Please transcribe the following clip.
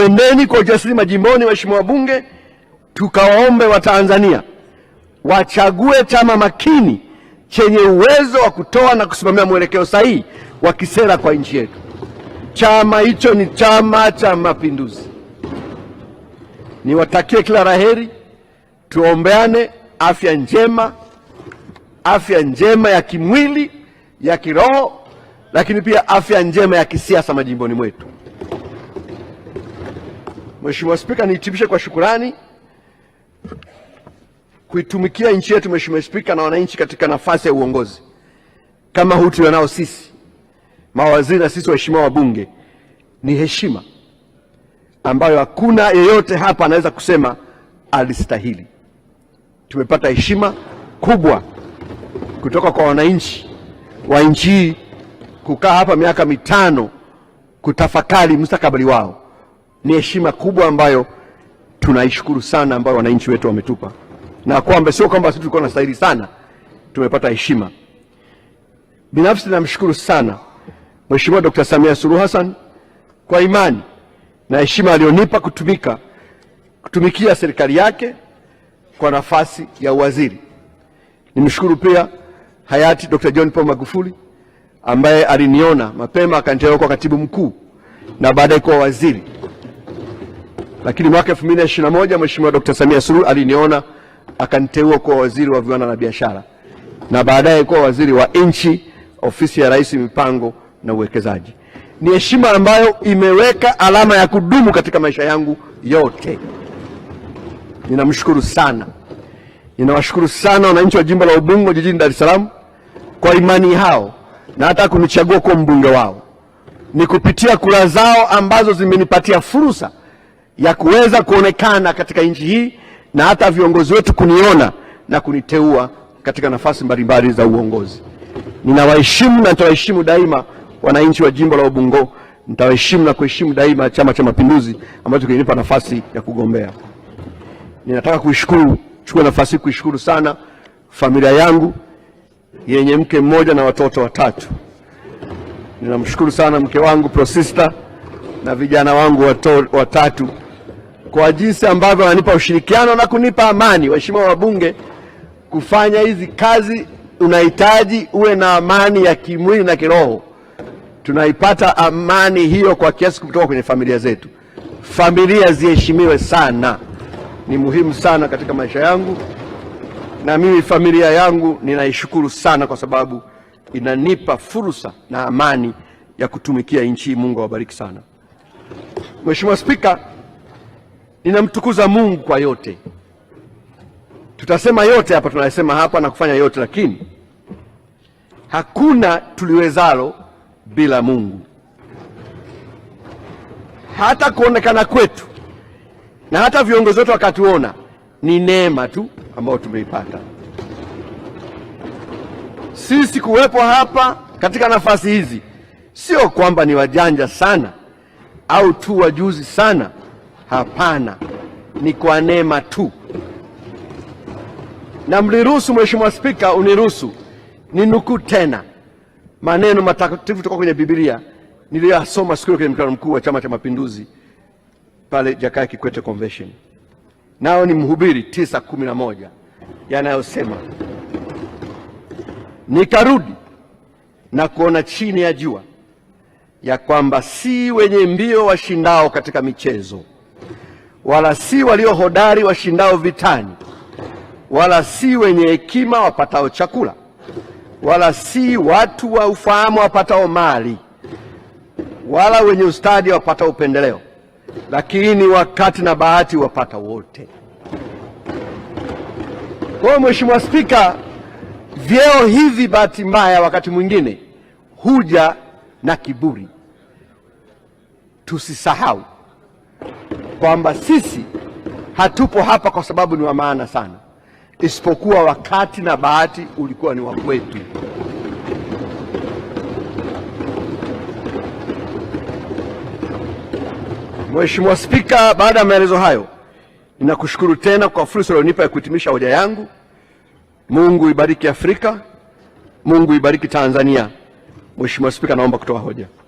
twendeni kwa ujasiri majimboni, waheshimiwa wabunge, tukawaombe Watanzania wachague chama makini chenye uwezo wa kutoa na kusimamia mwelekeo sahihi wa kisera kwa nchi yetu. Chama hicho ni Chama cha Mapinduzi. Niwatakie kila raheri tuombeane afya njema, afya njema ya kimwili, ya kiroho, lakini pia afya njema ya kisiasa majimboni mwetu. Mheshimiwa Spika, nihitimishe kwa shukurani kuitumikia nchi yetu Mheshimiwa Spika na wananchi katika nafasi ya uongozi kama huu tulionao sisi mawaziri na sisi waheshimiwa wabunge, ni heshima ambayo hakuna yeyote hapa anaweza kusema alistahili. Tumepata heshima kubwa kutoka kwa wananchi wa nchi hii kukaa hapa miaka mitano kutafakari mustakabali wao. Ni heshima kubwa ambayo tunaishukuru sana, ambayo wananchi wetu wametupa, na kwamba sio kwamba sisi tulikuwa tunastahili sana, tumepata heshima. Binafsi namshukuru sana Mheshimiwa Dr. Samia Suluhu Hassan kwa imani na heshima aliyonipa kutumika kutumikia serikali yake kwa nafasi ya uwaziri. Nimshukuru pia hayati Dr. John Paul Magufuli ambaye aliniona mapema akaniteua kwa katibu mkuu na baadaye kuwa waziri. Lakini mwaka 2021 Mheshimiwa Dr. Samia Suluhu aliniona akaniteua kuwa waziri wa viwanda na biashara na baadaye kuwa waziri wa nchi ofisi ya Rais, mipango na uwekezaji. Ni heshima ambayo imeweka alama ya kudumu katika maisha yangu yote. Ninamshukuru sana, ninawashukuru sana wananchi wa jimbo la Ubungo jijini Dar es Salaam kwa imani yao na hata kunichagua kuwa mbunge wao. Ni kupitia kura zao ambazo zimenipatia fursa ya kuweza kuonekana katika nchi hii na hata viongozi wetu kuniona na kuniteua katika nafasi mbalimbali za uongozi. Ninawaheshimu na nitawaheshimu daima wananchi wa jimbo la Ubungo, nitawaheshimu na kuheshimu daima Chama cha Mapinduzi ambacho kilinipa nafasi ya kugombea. Ninataka kuishukuru, chukua nafasi hii kuishukuru sana familia yangu yenye mke mmoja na watoto watatu. Ninamshukuru sana mke wangu Prosista na vijana wangu wato, watatu kwa jinsi ambavyo wananipa ushirikiano na kunipa amani. Waheshimiwa wabunge, kufanya hizi kazi unahitaji uwe na amani ya kimwili na kiroho. Tunaipata amani hiyo kwa kiasi kutoka kwenye familia zetu. Familia ziheshimiwe sana, ni muhimu sana katika maisha yangu, na mimi familia yangu ninaishukuru sana kwa sababu inanipa fursa na amani ya kutumikia nchi. Mungu awabariki sana. Mheshimiwa Spika, Ninamtukuza Mungu kwa yote. Tutasema yote hapa, tunasema hapa na kufanya yote, lakini hakuna tuliwezalo bila Mungu. Hata kuonekana kwetu na hata viongozi wetu wakatuona ni neema tu ambayo tumeipata sisi kuwepo hapa katika nafasi hizi. Sio kwamba ni wajanja sana au tu wajuzi sana Hapana, ni kwa neema tu. Na mliruhusu Mheshimiwa Spika, uniruhusu ninukuu tena maneno matakatifu kutoka kwenye Biblia niliyoyasoma siku kwenye mkutano mkuu wa Chama cha Mapinduzi pale Jakaya Kikwete Convention, nao ni Mhubiri tisa kumi na moja yanayosema nikarudi na kuona chini ya jua ya kwamba si wenye mbio washindao katika michezo wala si walio hodari washindao vitani, wala si wenye hekima wapatao chakula, wala si watu wa ufahamu wapatao mali, wala wenye ustadi wapatao upendeleo, lakini wakati na bahati wapata wote. Kwa Mheshimiwa Spika, vyeo hivi bahati mbaya wakati mwingine huja na kiburi. Tusisahau kwamba sisi hatupo hapa kwa sababu ni wa maana sana, isipokuwa wakati na bahati ulikuwa ni wa kwetu. Mheshimiwa Spika, baada ya maelezo hayo, ninakushukuru tena kwa fursa ulionipa ya kuhitimisha hoja yangu. Mungu ibariki Afrika, Mungu ibariki Tanzania. Mheshimiwa Spika, naomba kutoa hoja.